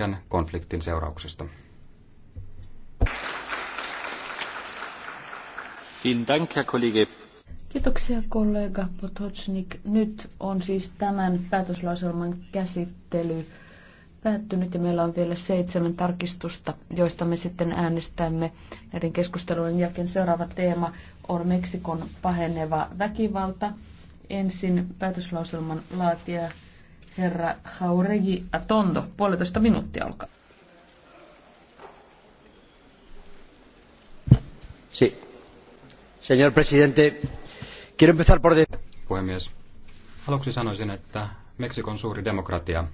pitkän konfliktin seurauksista. Kiitoksia kollega Potocnik. Nyt on siis tämän päätöslauselman käsittely päättynyt ja meillä on vielä seitsemän tarkistusta, joista me sitten äänestämme näiden keskustelujen jälkeen. Seuraava teema on Meksikon paheneva väkivalta. Ensin päätöslauselman laatija Herra Jauregi Atondo, puolitoista minuuttia alkaa. Sí. Señor presidente, quiero empezar por... Puhemies, aluksi sanoisin, että Meksikon suuri demokratia.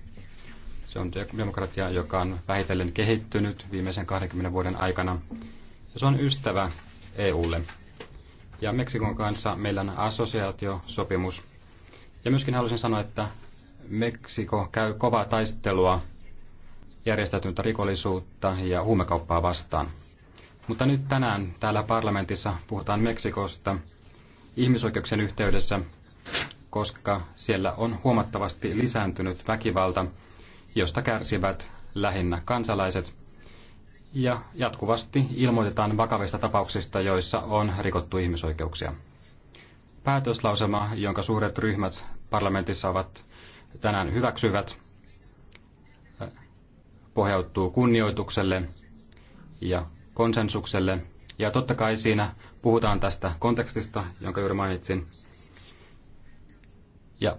Se on demokratia, joka on vähitellen kehittynyt viimeisen 20 vuoden aikana. Ja se on ystävä EUlle. Ja Meksikon kanssa meillä on assosiaatiosopimus. Ja myöskin haluaisin sanoa, että Meksiko käy kovaa taistelua järjestäytynyttä rikollisuutta ja huumekauppaa vastaan. Mutta nyt tänään täällä parlamentissa puhutaan Meksikosta ihmisoikeuksien yhteydessä, koska siellä on huomattavasti lisääntynyt väkivalta, josta kärsivät lähinnä kansalaiset. Ja jatkuvasti ilmoitetaan vakavista tapauksista, joissa on rikottu ihmisoikeuksia. Päätöslausema, jonka suuret ryhmät parlamentissa ovat tänään hyväksyvät, pohjautuu kunnioitukselle ja konsensukselle. Ja totta kai siinä puhutaan tästä kontekstista, jonka juuri mainitsin. Ja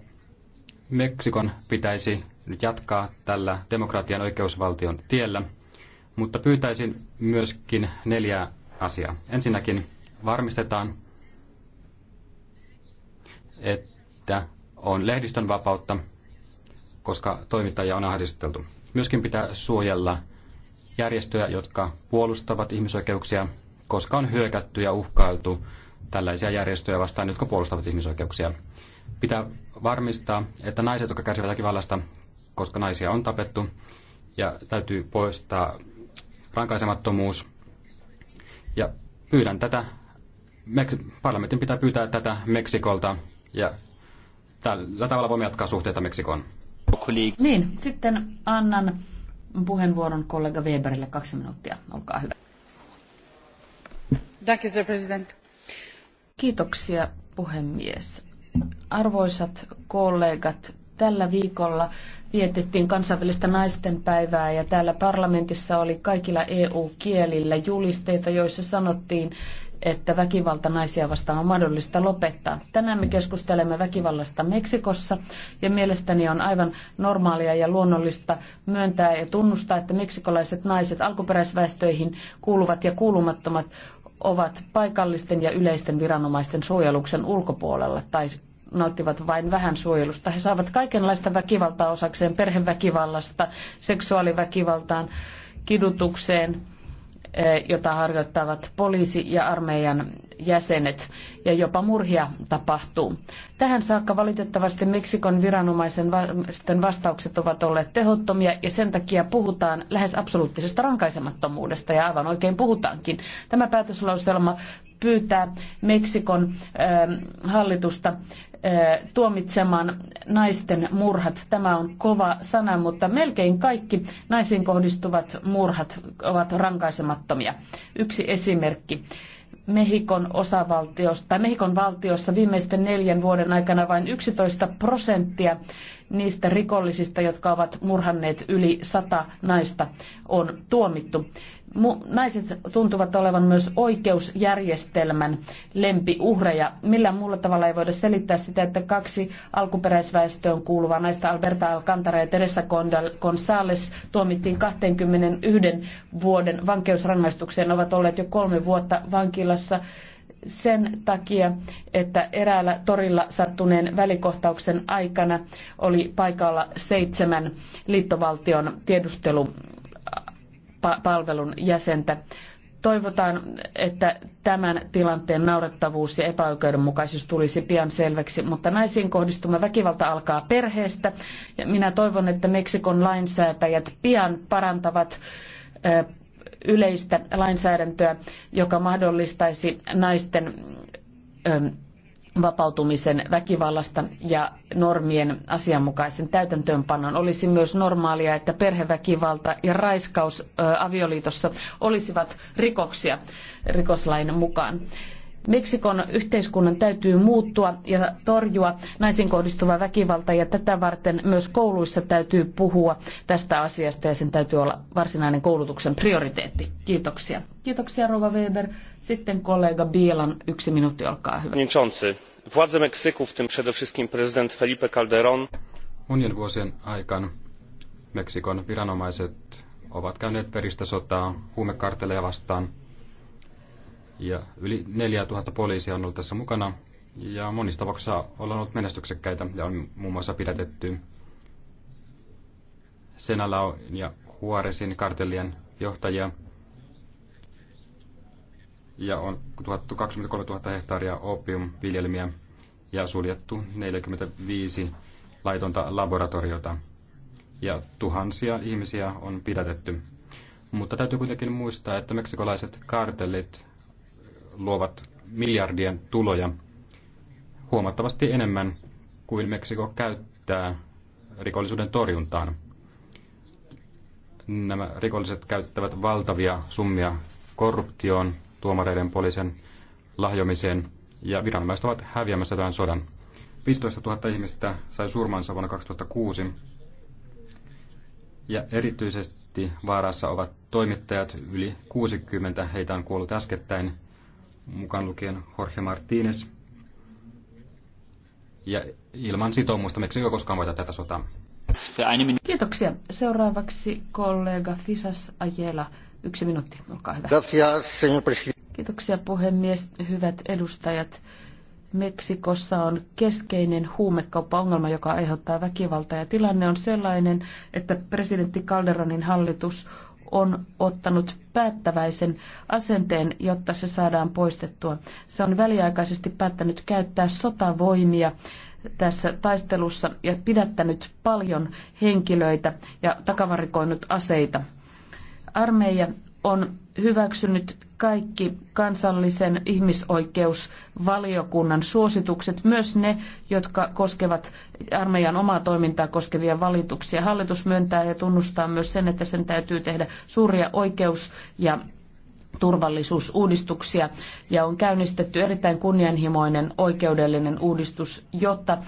Meksikon pitäisi nyt jatkaa tällä demokratian oikeusvaltion tiellä, mutta pyytäisin myöskin neljää asiaa. Ensinnäkin varmistetaan, että on lehdistön vapautta koska toimittajia on ahdisteltu. Myöskin pitää suojella järjestöjä, jotka puolustavat ihmisoikeuksia, koska on hyökätty ja uhkailtu tällaisia järjestöjä vastaan, jotka puolustavat ihmisoikeuksia. Pitää varmistaa, että naiset, jotka kärsivät väkivallasta, koska naisia on tapettu, ja täytyy poistaa rankaisemattomuus. Ja pyydän tätä, parlamentin pitää pyytää tätä Meksikolta, ja tällä tavalla voimme jatkaa suhteita Meksikoon. Niin, sitten annan puheenvuoron kollega Weberille kaksi minuuttia. Olkaa hyvä. Kiitoksia puhemies. Arvoisat kollegat, tällä viikolla vietettiin kansainvälistä naistenpäivää ja täällä parlamentissa oli kaikilla EU-kielillä julisteita, joissa sanottiin, että väkivalta naisia vastaan on mahdollista lopettaa. Tänään me keskustelemme väkivallasta Meksikossa ja mielestäni on aivan normaalia ja luonnollista myöntää ja tunnustaa, että meksikolaiset naiset alkuperäisväestöihin kuuluvat ja kuulumattomat ovat paikallisten ja yleisten viranomaisten suojeluksen ulkopuolella tai nauttivat vain vähän suojelusta. He saavat kaikenlaista väkivaltaa osakseen perheväkivallasta, seksuaaliväkivaltaan, kidutukseen, Eh, jota harjoittavat poliisi ja armeijan jäsenet, ja jopa murhia tapahtuu. Tähän saakka valitettavasti Meksikon viranomaisten vastaukset ovat olleet tehottomia, ja sen takia puhutaan lähes absoluuttisesta rankaisemattomuudesta, ja aivan oikein puhutaankin. Tämä päätöslauselma pyytää Meksikon eh, hallitusta tuomitsemaan naisten murhat. Tämä on kova sana, mutta melkein kaikki naisiin kohdistuvat murhat ovat rankaisemattomia. Yksi esimerkki. Mehikon osavaltiossa, tai Mehikon valtiossa viimeisten neljän vuoden aikana vain 11 prosenttia niistä rikollisista, jotka ovat murhanneet yli sata naista, on tuomittu naiset tuntuvat olevan myös oikeusjärjestelmän lempiuhreja. Millään muulla tavalla ei voida selittää sitä, että kaksi alkuperäisväestöön kuuluvaa naista Alberta Alcantara ja Teresa González tuomittiin 21 vuoden vankeusrangaistukseen, ovat olleet jo kolme vuotta vankilassa sen takia, että eräällä torilla sattuneen välikohtauksen aikana oli paikalla seitsemän liittovaltion tiedustelu palvelun jäsentä. Toivotaan, että tämän tilanteen naurettavuus ja epäoikeudenmukaisuus tulisi pian selväksi, mutta naisiin kohdistuma väkivalta alkaa perheestä. Ja minä toivon, että Meksikon lainsäätäjät pian parantavat yleistä lainsäädäntöä, joka mahdollistaisi naisten vapautumisen väkivallasta ja normien asianmukaisen täytäntöönpanon. Olisi myös normaalia, että perheväkivalta ja raiskaus avioliitossa olisivat rikoksia rikoslain mukaan. Meksikon yhteiskunnan täytyy muuttua ja torjua naisiin kohdistuva väkivalta ja tätä varten myös kouluissa täytyy puhua tästä asiasta ja sen täytyy olla varsinainen koulutuksen prioriteetti. Kiitoksia. Kiitoksia Rova Weber. Sitten kollega Bielan yksi minuutti, olkaa hyvä. Władze Meksyku, w tym przede wszystkim prezydent Felipe Calderon. Monien vuosien aikana Meksikon viranomaiset ovat käyneet peristä sotaa huumekartteleja vastaan – ja yli 4000 poliisia on ollut tässä mukana ja monissa tapauksissa ollaan ollut menestyksekkäitä ja on muun muassa pidätetty Senalaon ja Huoresin kartellien johtajia. Ja on 23 000 hehtaaria opiumviljelmiä ja suljettu 45 laitonta laboratoriota. Ja tuhansia ihmisiä on pidätetty. Mutta täytyy kuitenkin muistaa, että meksikolaiset kartellit luovat miljardien tuloja huomattavasti enemmän kuin Meksiko käyttää rikollisuuden torjuntaan. Nämä rikolliset käyttävät valtavia summia korruptioon, tuomareiden, poliisin lahjomiseen ja viranomaiset ovat häviämässä tämän sodan. 15 000 ihmistä sai surmansa vuonna 2006 ja erityisesti vaarassa ovat toimittajat, yli 60 heitä on kuollut äskettäin mukaan lukien Jorge Martínez. Ja ilman sitoumusta Meksiko koskaan voita tätä sotaa. Kiitoksia. Seuraavaksi kollega Fisas Ajela. Yksi minuutti, olkaa hyvä. Kiitoksia puhemies, hyvät edustajat. Meksikossa on keskeinen huumekauppaongelma, joka aiheuttaa väkivaltaa ja tilanne on sellainen, että presidentti Calderonin hallitus on ottanut päättäväisen asenteen, jotta se saadaan poistettua. Se on väliaikaisesti päättänyt käyttää sotavoimia tässä taistelussa ja pidättänyt paljon henkilöitä ja takavarikoinut aseita. Armeija on hyväksynyt kaikki kansallisen ihmisoikeusvaliokunnan suositukset, myös ne, jotka koskevat armeijan omaa toimintaa koskevia valituksia. Hallitus myöntää ja tunnustaa myös sen, että sen täytyy tehdä suuria oikeus- ja turvallisuusuudistuksia ja on käynnistetty erittäin kunnianhimoinen oikeudellinen uudistus, jotta eh,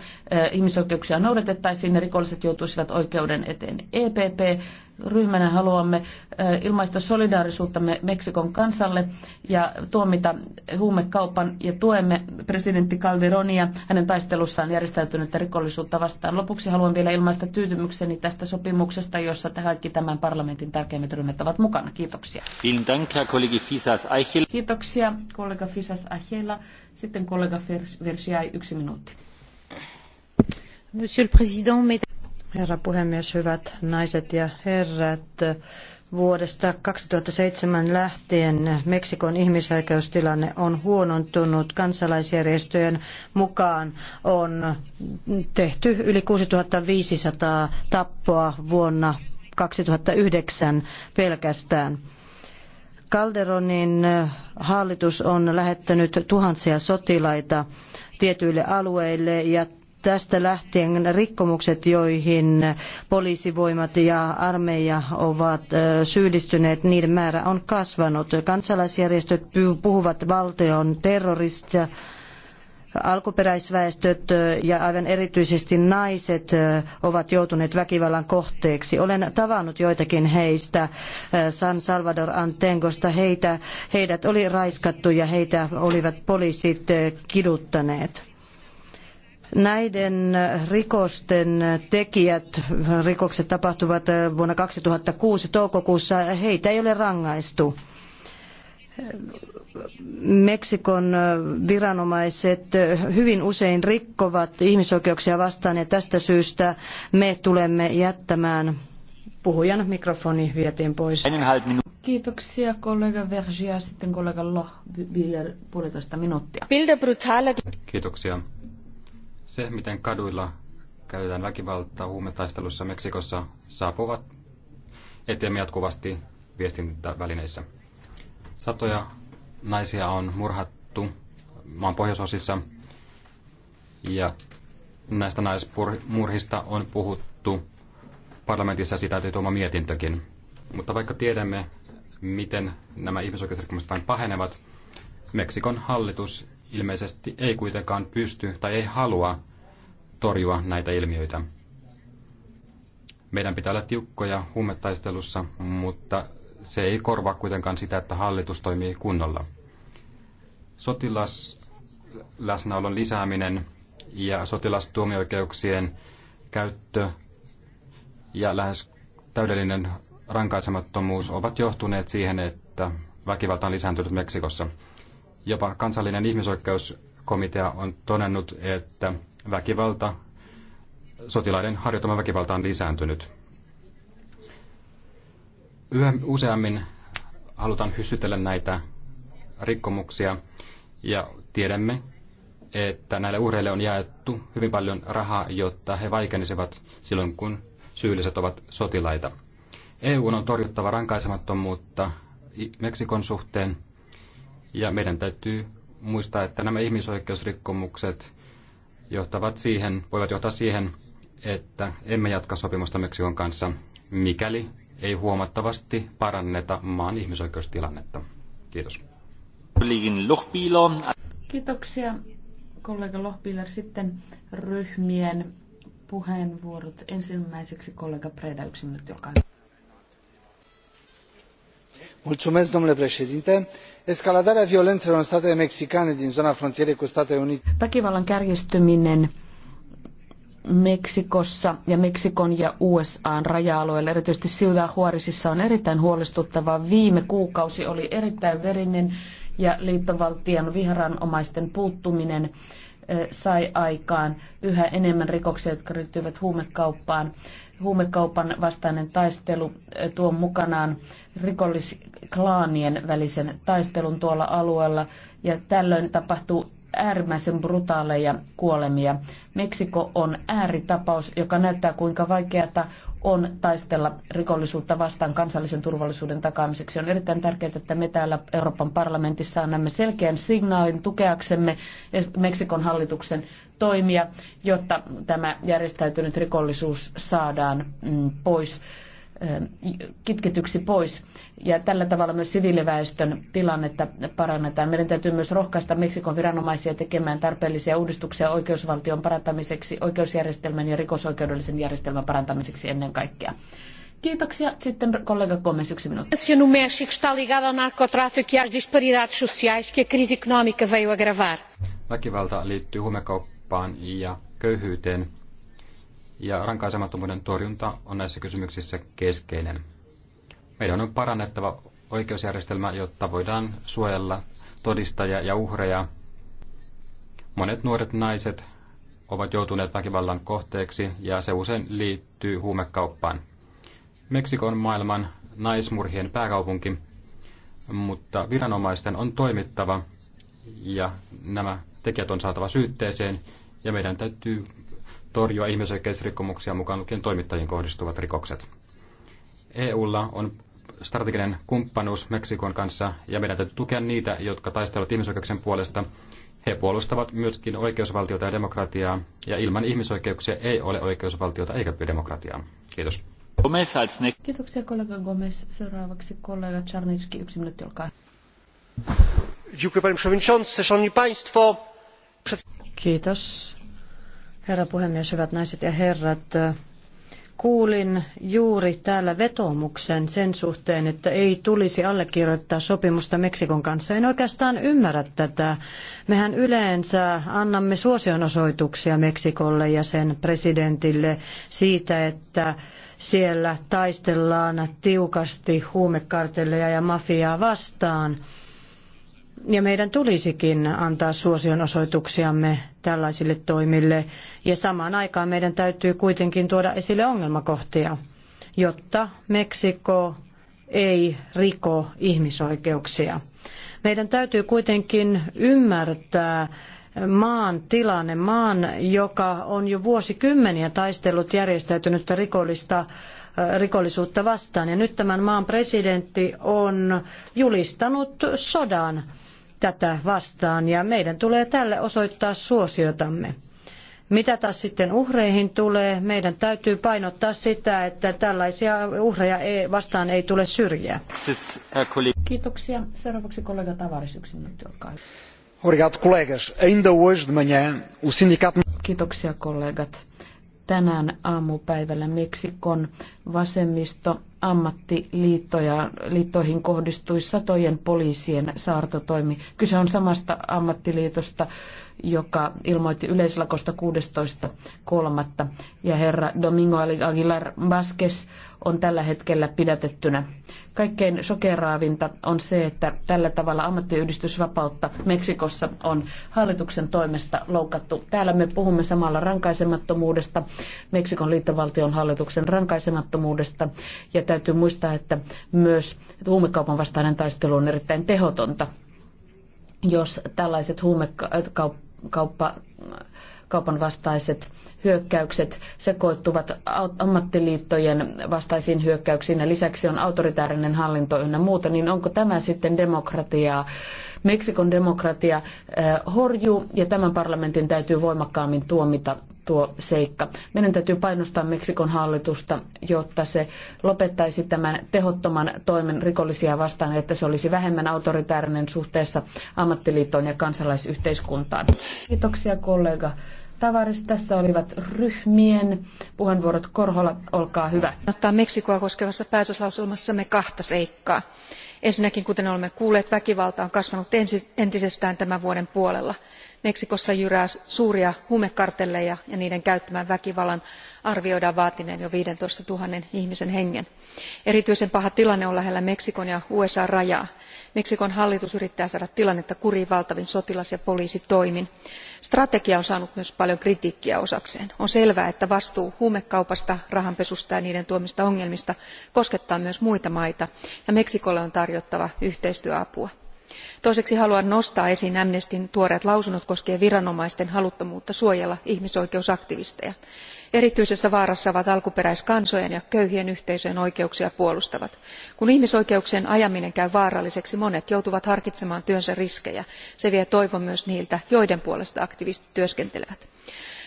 ihmisoikeuksia noudatettaisiin ja rikolliset joutuisivat oikeuden eteen. EPP ryhmänä haluamme ilmaista solidaarisuuttamme Meksikon kansalle ja tuomita huumekaupan ja tuemme presidentti Calderonia hänen taistelussaan järjestäytynyttä rikollisuutta vastaan. Lopuksi haluan vielä ilmaista tyytymykseni tästä sopimuksesta, jossa kaikki tämän parlamentin tärkeimmät ryhmät ovat mukana. Kiitoksia. Kiitoksia kollega Fisas Ahela. Sitten kollega Versia yksi minuutti. Monsieur le Président, Herra puhemies, hyvät naiset ja herrat. Vuodesta 2007 lähtien Meksikon ihmisoikeustilanne on huonontunut. Kansalaisjärjestöjen mukaan on tehty yli 6500 tappoa vuonna 2009 pelkästään. Calderonin hallitus on lähettänyt tuhansia sotilaita tietyille alueille ja tästä lähtien rikkomukset, joihin poliisivoimat ja armeija ovat syyllistyneet, niiden määrä on kasvanut. Kansalaisjärjestöt puhuvat valtion terrorista, alkuperäisväestöt ja aivan erityisesti naiset ovat joutuneet väkivallan kohteeksi. Olen tavannut joitakin heistä San Salvador Antengosta. Heitä, heidät oli raiskattu ja heitä olivat poliisit kiduttaneet. Näiden rikosten tekijät, rikokset tapahtuvat äh, vuonna 2006 toukokuussa, heitä ei ole rangaistu. Meksikon äh, viranomaiset äh, hyvin usein rikkovat ihmisoikeuksia vastaan ja tästä syystä me tulemme jättämään puhujan mikrofoni vietiin pois. Kiitoksia kollega Vergia, sitten kollega Loh, puolitoista minuuttia. Kiitoksia se, miten kaduilla käytetään väkivaltaa huumetaistelussa Meksikossa, saapuvat eteemme jatkuvasti viestintävälineissä. Satoja naisia on murhattu maan pohjoisosissa ja näistä naismurhista on puhuttu parlamentissa sitä tuoma mietintökin. Mutta vaikka tiedämme, miten nämä ihmisoikeusrikkomukset vain pahenevat, Meksikon hallitus ilmeisesti ei kuitenkaan pysty tai ei halua torjua näitä ilmiöitä. Meidän pitää olla tiukkoja huumetaistelussa, mutta se ei korvaa kuitenkaan sitä, että hallitus toimii kunnolla. Sotilasläsnäolon lisääminen ja sotilastuomioikeuksien käyttö ja lähes täydellinen rankaisemattomuus ovat johtuneet siihen, että väkivalta on lisääntynyt Meksikossa. Jopa kansallinen ihmisoikeuskomitea on todennut, että väkivalta, sotilaiden harjoittama väkivalta on lisääntynyt. Yhä useammin halutaan hyssytellä näitä rikkomuksia ja tiedämme, että näille uhreille on jaettu hyvin paljon rahaa, jotta he vaikenisivat silloin, kun syylliset ovat sotilaita. EU on torjuttava rankaisemattomuutta Meksikon suhteen – ja meidän täytyy muistaa, että nämä ihmisoikeusrikkomukset johtavat siihen, voivat johtaa siihen, että emme jatka sopimusta Meksikon kanssa, mikäli ei huomattavasti paranneta maan ihmisoikeustilannetta. Kiitos. Kiitoksia kollega Lohpiler. Sitten ryhmien puheenvuorot. Ensimmäiseksi kollega Preda, yksi minuutti, olkaa hyvä eskaladarea violenelor în statele mexicane din zona frontierei cu statele unite. väkivallan kärjistyminen Meksikossa ja Meksikon ja USAn raja-alueella, erityisesti Ciudad Juarezissa, on erittäin huolestuttava. Viime kuukausi oli erittäin verinen ja liittovaltion vihanomaisten puuttuminen eh, sai aikaan yhä enemmän rikoksia, jotka liittyvät huumekauppaan Huumekaupan vastainen taistelu eh, tuo mukanaan rikollisklaanien välisen taistelun tuolla alueella ja tällöin tapahtuu äärimmäisen brutaaleja kuolemia. Meksiko on ääritapaus, joka näyttää kuinka vaikeata on taistella rikollisuutta vastaan kansallisen turvallisuuden takaamiseksi. On erittäin tärkeää, että me täällä Euroopan parlamentissa annamme selkeän signaalin tukeaksemme Meksikon hallituksen toimia, jotta tämä järjestäytynyt rikollisuus saadaan mm, pois kitketyksi pois. Ja tällä tavalla myös siviiliväestön tilannetta parannetaan. Meidän täytyy myös rohkaista Meksikon viranomaisia tekemään tarpeellisia uudistuksia oikeusvaltion parantamiseksi, oikeusjärjestelmän ja rikosoikeudellisen järjestelmän parantamiseksi ennen kaikkea. Kiitoksia. Sitten kollega Gomez, yksi minuutti. no México está ligado ao narcotráfico e às disparidades sociais que a Väkivalta liittyy huumekauppaan ja köyhyyteen, ja rankaisemattomuuden torjunta on näissä kysymyksissä keskeinen. Meidän on parannettava oikeusjärjestelmä, jotta voidaan suojella todistajia ja uhreja. Monet nuoret naiset ovat joutuneet väkivallan kohteeksi ja se usein liittyy huumekauppaan. Meksiko on maailman naismurhien pääkaupunki, mutta viranomaisten on toimittava ja nämä tekijät on saatava syytteeseen ja meidän täytyy torjua ihmisoikeusrikkomuksia mukaan lukien toimittajien kohdistuvat rikokset. EUlla on strateginen kumppanuus Meksikon kanssa ja meidän täytyy tukea niitä, jotka taistelevat ihmisoikeuksien puolesta. He puolustavat myöskin oikeusvaltiota ja demokratiaa ja ilman ihmisoikeuksia ei ole oikeusvaltiota eikä demokratiaa. Kiitos. Gomez, Kiitoksia kollega Gomez. Seuraavaksi kollega Czarnicki, yksi minuutti, olkaa. Dziękuję Kiitos Herra puhemies, hyvät naiset ja herrat, kuulin juuri täällä vetomuksen sen suhteen, että ei tulisi allekirjoittaa sopimusta Meksikon kanssa. En oikeastaan ymmärrä tätä. Mehän yleensä annamme suosionosoituksia Meksikolle ja sen presidentille siitä, että siellä taistellaan tiukasti huumekartelleja ja mafiaa vastaan – ja meidän tulisikin antaa suosionosoituksiamme tällaisille toimille. Ja samaan aikaan meidän täytyy kuitenkin tuoda esille ongelmakohtia, jotta Meksiko ei riko ihmisoikeuksia. Meidän täytyy kuitenkin ymmärtää maan tilanne, maan, joka on jo vuosikymmeniä taistellut järjestäytynyttä rikollista rikollisuutta vastaan. Ja nyt tämän maan presidentti on julistanut sodan tätä vastaan ja meidän tulee tälle osoittaa suosiotamme. Mitä taas sitten uhreihin tulee, meidän täytyy painottaa sitä, että tällaisia uhreja ei, vastaan ei tule syrjää. Kiitoksia. Seuraavaksi kollega Tavaris, yksi minuutti, olkaa hyvä. Obrigado, colegas. Ainda hoje de manhã o sindicato... Kiitoksia, kollegat. Tänään aamupäivällä Meksikon vasemmisto ammattiliittoja, liittoihin kohdistui satojen poliisien saartotoimi. Kyse on samasta ammattiliitosta, joka ilmoitti yleislakosta 16.3. Ja herra Domingo Aguilar Vasquez on tällä hetkellä pidätettynä. Kaikkein sokeraavinta on se, että tällä tavalla ammattiyhdistysvapautta Meksikossa on hallituksen toimesta loukattu. Täällä me puhumme samalla rankaisemattomuudesta, Meksikon liittovaltion hallituksen rankaisemattomuudesta. Ja täytyy muistaa, että myös huumekaupan vastainen taistelu on erittäin tehotonta jos tällaiset huumekauppa kauppa, kaupan vastaiset hyökkäykset sekoittuvat ammattiliittojen vastaisiin hyökkäyksiin ja lisäksi on autoritäärinen hallinto ynnä muuta, niin onko tämä sitten demokratiaa? Meksikon demokratia eh, horjuu ja tämän parlamentin täytyy voimakkaammin tuomita tuo seikka. Meidän täytyy painostaa Meksikon hallitusta, jotta se lopettaisi tämän tehottoman toimen rikollisia vastaan, että se olisi vähemmän autoritäärinen suhteessa ammattiliittoon ja kansalaisyhteiskuntaan. Kiitoksia kollega. Tavaris, tässä olivat ryhmien puheenvuorot. Korhola, olkaa hyvä. Ottaa Meksikoa koskevassa päätöslauselmassamme kahta seikkaa. Ensinnäkin, kuten olemme kuulleet, väkivalta on kasvanut entisestään tämän vuoden puolella meksikossa jyrää suuria huumekartelleja ja niiden käyttämän väkivallan arvioidaan vaatineen jo viisitoista nolla ihmisen hengen. erityisen paha tilanne on lähellä meksikon ja usa n rajaa. meksikon hallitus yrittää saada tilannetta kuriin valtavin sotilas ja poliisitoimin. strategia on saanut myös paljon kritiikkiä osakseen. on selvää että vastuu huumekaupasta rahanpesusta ja niiden tuomista ongelmista koskettaa myös muita maita ja meksikolle on tarjottava yhteistyöapua toiseksi haluan nostaa esiin amnestyn tuoreet lausunnot koskien viranomaisten haluttomuutta suojella ihmisoikeusaktivisteja. erityisessä vaarassa ovat alkuperäiskansojen ja köyhien yhteisöjen oikeuksia puolustavat. kun ihmisoikeuksien ajaminen käy vaaralliseksi monet joutuvat harkitsemaan työnsä riskejä. se vie toivon myös niiltä joiden puolesta aktivistit työskentelevät.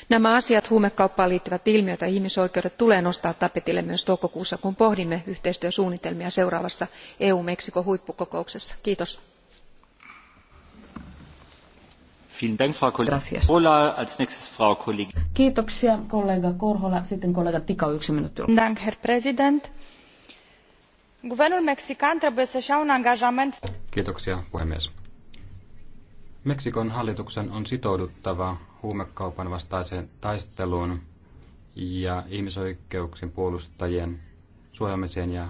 nämä asiat huumekauppaan liittyvät ilmiöt ja ihmisoikeudet tulee nostaa tapetille myös toukokuussa kun pohdimme yhteistyösuunnitelmia seuraavassa eu meksiko huippukokouksessa. kiitos. Kiitoksia kollega Korhola. Sitten kollega Tikau, yksi minuutti. Dank, herr president. Guvernul mexican trebuie să-și un angajament. Kiitoksia, puhemies. Meksikon hallituksen on sitouduttava huumekaupan vastaiseen taisteluun ja ihmisoikeuksien puolustajien suojaamiseen ja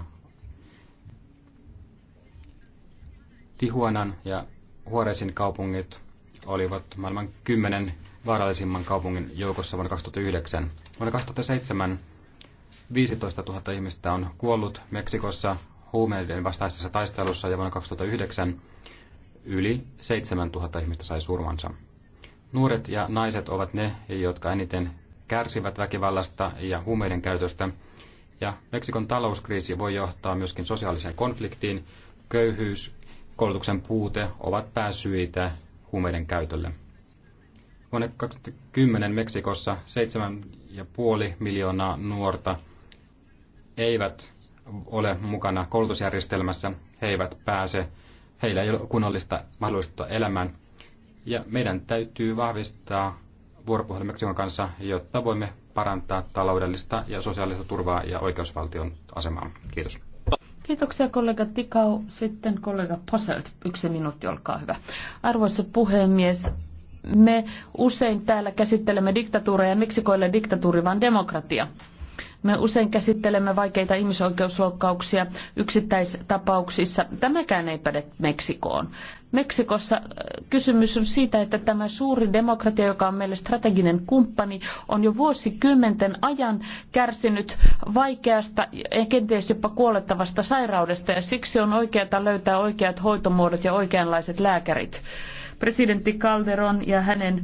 Tihuanan ja Huoresin kaupungit olivat maailman kymmenen vaarallisimman kaupungin joukossa vuonna 2009. Vuonna 2007 15 000 ihmistä on kuollut Meksikossa huumeiden vastaisessa taistelussa ja vuonna 2009 yli 7 000 ihmistä sai surmansa. Nuoret ja naiset ovat ne, jotka eniten kärsivät väkivallasta ja huumeiden käytöstä, ja Meksikon talouskriisi voi johtaa myöskin sosiaaliseen konfliktiin. Köyhyys, koulutuksen puute ovat pääsyitä huumeiden käytölle. Vuonna 2010 Meksikossa 7,5 miljoonaa nuorta eivät ole mukana koulutusjärjestelmässä, he eivät pääse, heillä ei ole kunnollista mahdollisuutta elämään. Ja meidän täytyy vahvistaa vuoropuhelu Meksikon kanssa, jotta voimme parantaa taloudellista ja sosiaalista turvaa ja oikeusvaltion asemaa. Kiitos. Kiitoksia kollega Tikau. Sitten kollega Poselt. Yksi minuutti, olkaa hyvä. Arvoisa puhemies, me usein täällä käsittelemme diktatuureja. Meksikoille diktatuuri vaan demokratia. Me usein käsittelemme vaikeita ihmisoikeusloukkauksia yksittäistapauksissa. Tämäkään ei päde Meksikoon. Meksikossa äh, kysymys on siitä, että tämä suuri demokratia, joka on meille strateginen kumppani, on jo vuosikymmenten ajan kärsinyt vaikeasta ja kenties jopa kuolettavasta sairaudesta ja siksi on oikeata löytää oikeat hoitomuodot ja oikeanlaiset lääkärit presidentti Calderon ja hänen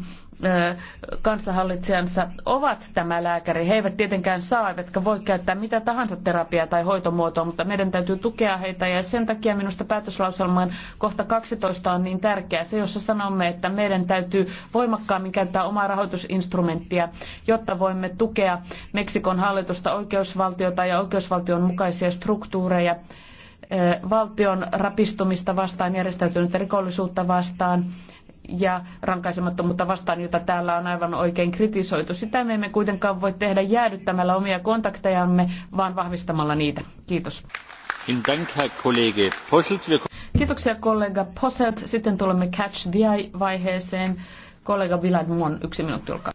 kanssahallitsijansa ovat tämä lääkäri. He eivät tietenkään saa, eivätkä voi käyttää mitä tahansa terapiaa tai hoitomuotoa, mutta meidän täytyy tukea heitä ja sen takia minusta päätöslauselman kohta 12 on niin tärkeä. Se, jossa sanomme, että meidän täytyy voimakkaammin käyttää omaa rahoitusinstrumenttia, jotta voimme tukea Meksikon hallitusta oikeusvaltiota ja oikeusvaltion mukaisia struktuureja valtion rapistumista vastaan, järjestäytynyttä rikollisuutta vastaan, ja rankaisemattomuutta vastaan, jota täällä on aivan oikein kritisoitu. Sitä me emme kuitenkaan voi tehdä jäädyttämällä omia kontaktejamme, vaan vahvistamalla niitä. Kiitos. Kiitoksia kollega Posselt. Sitten tulemme Catch the Eye-vaiheeseen. Kollega Vilad Muon, yksi minuutti, olkaa.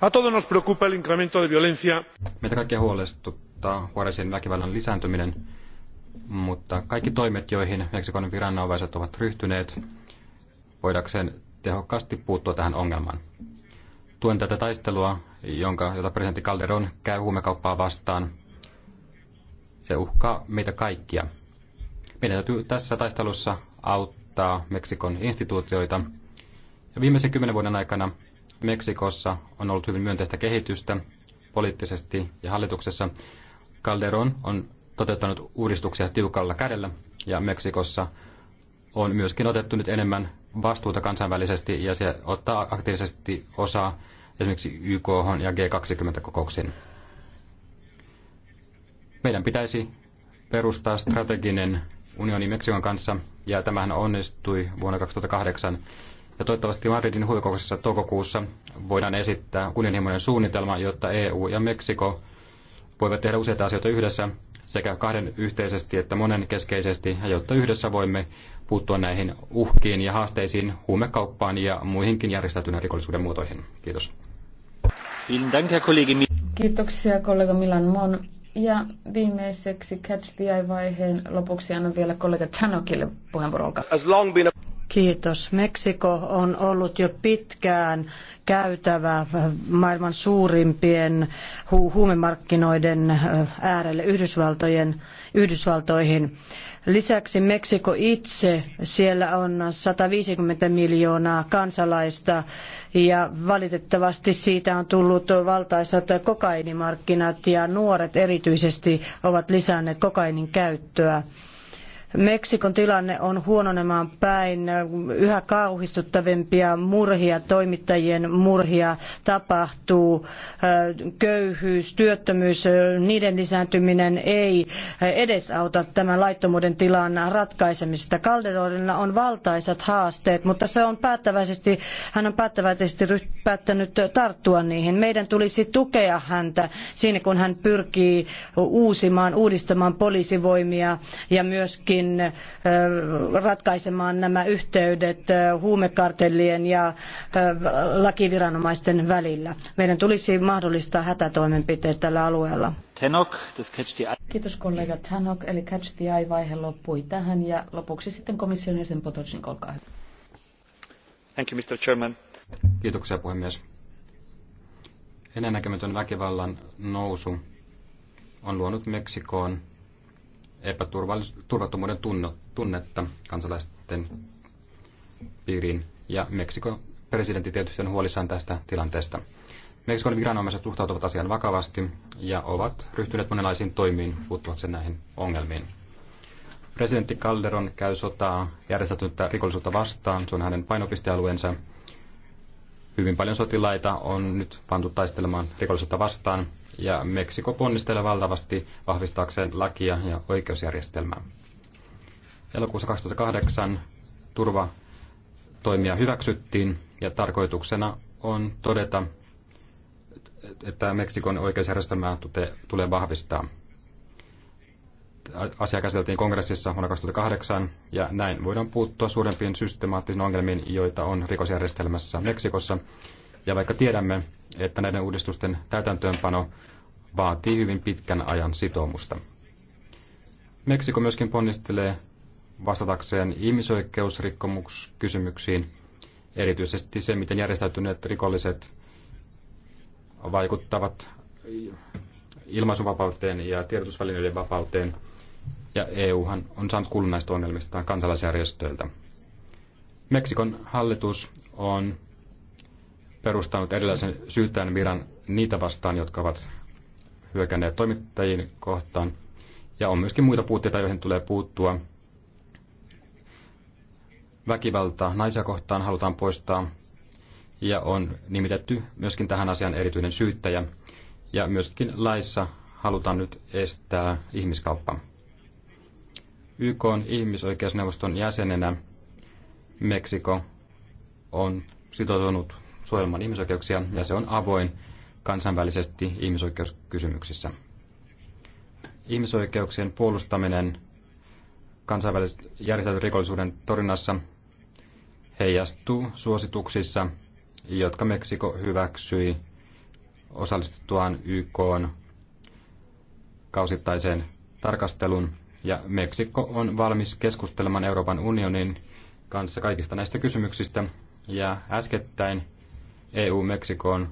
A todos nos preocupa el incremento de violencia. Meitä kaikkia huolestuttaa huoreisen väkivallan lisääntyminen mutta kaikki toimet, joihin Meksikon viranomaiset ovat ryhtyneet, voidakseen tehokkaasti puuttua tähän ongelmaan. Tuen tätä taistelua, jonka, jota presidentti Calderon käy huumekauppaa vastaan. Se uhkaa meitä kaikkia. Meidän täytyy tässä taistelussa auttaa Meksikon instituutioita. Ja viimeisen kymmenen vuoden aikana Meksikossa on ollut hyvin myönteistä kehitystä poliittisesti ja hallituksessa. Calderon on toteuttanut uudistuksia tiukalla kädellä ja Meksikossa on myöskin otettu nyt enemmän vastuuta kansainvälisesti ja se ottaa aktiivisesti osaa esimerkiksi YK ja G20-kokouksiin. Meidän pitäisi perustaa strateginen unioni Meksikon kanssa ja tämähän onnistui vuonna 2008. Ja toivottavasti Madridin huippukokouksessa toukokuussa voidaan esittää kunnianhimoinen suunnitelma, jotta EU ja Meksiko voivat tehdä useita asioita yhdessä sekä kahden yhteisesti että monen keskeisesti, jotta yhdessä voimme puuttua näihin uhkiin ja haasteisiin, huumekauppaan ja muihinkin järjestäytyneen rikollisuuden muotoihin. Kiitos. Kiitoksia kollega Milan Mon. Ja viimeiseksi Catch the Eye-vaiheen lopuksi annan vielä kollega Chanokille puheenvuoron. Kiitos. Meksiko on ollut jo pitkään käytävä maailman suurimpien hu- huumemarkkinoiden äärelle Yhdysvaltojen, Yhdysvaltoihin. Lisäksi Meksiko itse, siellä on 150 miljoonaa kansalaista ja valitettavasti siitä on tullut valtaisat kokainimarkkinat ja nuoret erityisesti ovat lisänneet kokainin käyttöä. Meksikon tilanne on huononemaan päin. Yhä kauhistuttavimpia murhia, toimittajien murhia tapahtuu. Köyhyys, työttömyys, niiden lisääntyminen ei edesauta tämän laittomuuden tilan ratkaisemista. Calderonilla on valtaisat haasteet, mutta se on päättäväisesti, hän on päättäväisesti päättänyt tarttua niihin. Meidän tulisi tukea häntä siinä, kun hän pyrkii uusimaan, uudistamaan poliisivoimia ja myöskin pyrittiin ratkaisemaan nämä yhteydet huumekartellien ja lakiviranomaisten välillä. Meidän tulisi mahdollistaa hätätoimenpiteet tällä alueella. Tenok, Kiitos kollega Tanok, eli Catch the Eye-vaihe loppui tähän ja lopuksi sitten komission jäsen Potocnik, olkaa hyvä. Thank you, Mr. Chairman. Kiitoksia puhemies. Ennennäkemätön väkivallan nousu on luonut Meksikoon epäturvattomuuden tunnetta kansalaisten piiriin. Ja Meksikon presidentti tietysti on huolissaan tästä tilanteesta. Meksikon viranomaiset suhtautuvat asiaan vakavasti ja ovat ryhtyneet monenlaisiin toimiin puuttuakseen näihin ongelmiin. Presidentti Calderon käy sotaa järjestäytynyttä rikollisuutta vastaan, se on hänen painopistealueensa. Hyvin paljon sotilaita on nyt pantu taistelemaan rikollisuutta vastaan ja Meksiko ponnistelee valtavasti vahvistaakseen lakia ja oikeusjärjestelmää. Elokuussa 2008 turvatoimia hyväksyttiin ja tarkoituksena on todeta, että Meksikon oikeusjärjestelmää tulee vahvistaa. Asia käsiteltiin kongressissa vuonna 2008 ja näin voidaan puuttua suurempiin systemaattisiin ongelmiin, joita on rikosjärjestelmässä Meksikossa ja vaikka tiedämme, että näiden uudistusten täytäntöönpano vaatii hyvin pitkän ajan sitoumusta. Meksiko myöskin ponnistelee vastatakseen ihmisoikeusrikkomuskysymyksiin, erityisesti se, miten järjestäytyneet rikolliset vaikuttavat ilmaisuvapauteen ja tiedotusvälineiden vapauteen, ja EUhan on saanut kuulun näistä ongelmistaan kansalaisjärjestöiltä. Meksikon hallitus on perustanut erilaisen syyttäjän viran niitä vastaan, jotka ovat hyökänneet toimittajiin kohtaan. Ja on myöskin muita puutteita, joihin tulee puuttua. Väkivalta naisia kohtaan halutaan poistaa. Ja on nimitetty myöskin tähän asiaan erityinen syyttäjä. Ja myöskin laissa halutaan nyt estää ihmiskauppa. YK on ihmisoikeusneuvoston jäsenenä Meksiko on sitoutunut suojelemaan ihmisoikeuksia ja se on avoin kansainvälisesti ihmisoikeuskysymyksissä. Ihmisoikeuksien puolustaminen kansainvälisen järjestäytyneen rikollisuuden torinnassa heijastuu suosituksissa, jotka Meksiko hyväksyi osallistuttuaan YK kausittaiseen tarkasteluun, ja Meksikko on valmis keskustelemaan Euroopan unionin kanssa kaikista näistä kysymyksistä, ja äskettäin EU-Meksikoon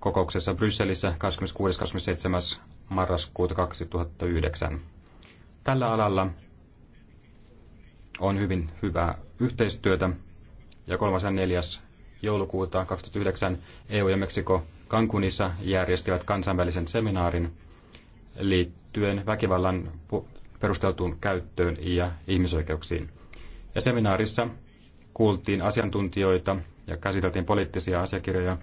kokouksessa Brysselissä 26.–27. marraskuuta 2009. Tällä alalla on hyvin hyvää yhteistyötä ja 3. ja 4. joulukuuta 2009 EU ja Meksiko Cancunissa järjestivät kansainvälisen seminaarin liittyen väkivallan perusteltuun käyttöön ja ihmisoikeuksiin. Ja seminaarissa kuultiin asiantuntijoita ja käsiteltiin poliittisia asiakirjoja,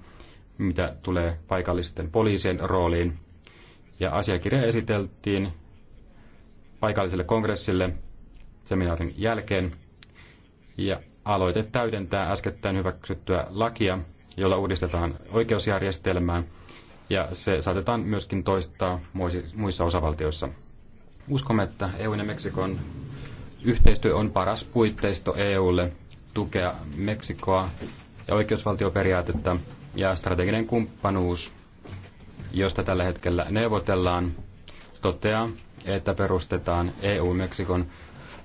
mitä tulee paikallisten poliisien rooliin. Ja asiakirja esiteltiin paikalliselle kongressille seminaarin jälkeen. Ja aloite täydentää äskettäin hyväksyttyä lakia, jolla uudistetaan oikeusjärjestelmää, ja se saatetaan myöskin toistaa muissa osavaltioissa. Uskomme, että EUn ja Meksikon yhteistyö on paras puitteisto EUlle tukea Meksikoa ja oikeusvaltioperiaatetta ja strateginen kumppanuus, josta tällä hetkellä neuvotellaan, toteaa, että perustetaan EU-Meksikon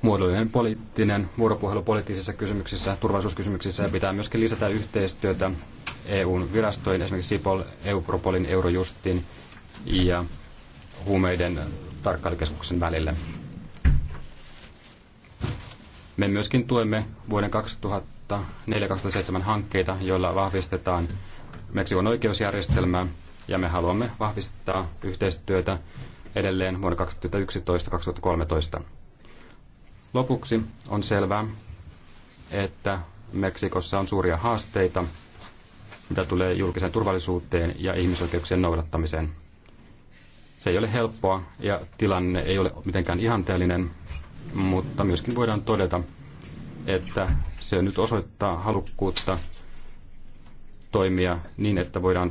muodollinen poliittinen vuoropuhelu poliittisissa kysymyksissä, turvallisuuskysymyksissä ja pitää myöskin lisätä yhteistyötä EUn virastoihin esimerkiksi Sipol, Europolin, Eurojustin ja huumeiden tarkkailukeskuksen välille. Me myöskin tuemme vuoden 2000 2004-2007 hankkeita, joilla vahvistetaan Meksikon oikeusjärjestelmää ja me haluamme vahvistaa yhteistyötä edelleen vuonna 2011-2013. Lopuksi on selvää, että Meksikossa on suuria haasteita, mitä tulee julkiseen turvallisuuteen ja ihmisoikeuksien noudattamiseen. Se ei ole helppoa ja tilanne ei ole mitenkään ihanteellinen, mutta myöskin voidaan todeta, että se nyt osoittaa halukkuutta toimia niin, että voidaan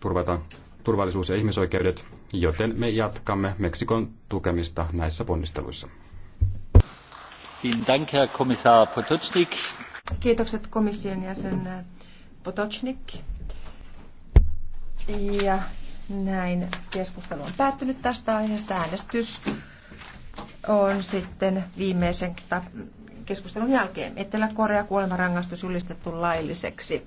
turvata turvallisuus ja ihmisoikeudet, joten me jatkamme Meksikon tukemista näissä ponnisteluissa. Kiitokset komission jäsen Potocnik. Ja näin keskustelu on päättynyt tästä aiheesta. Äänestys on sitten viimeisen keskustelun jälkeen. Etelä-Korea kuolemanrangaistus julistettu lailliseksi.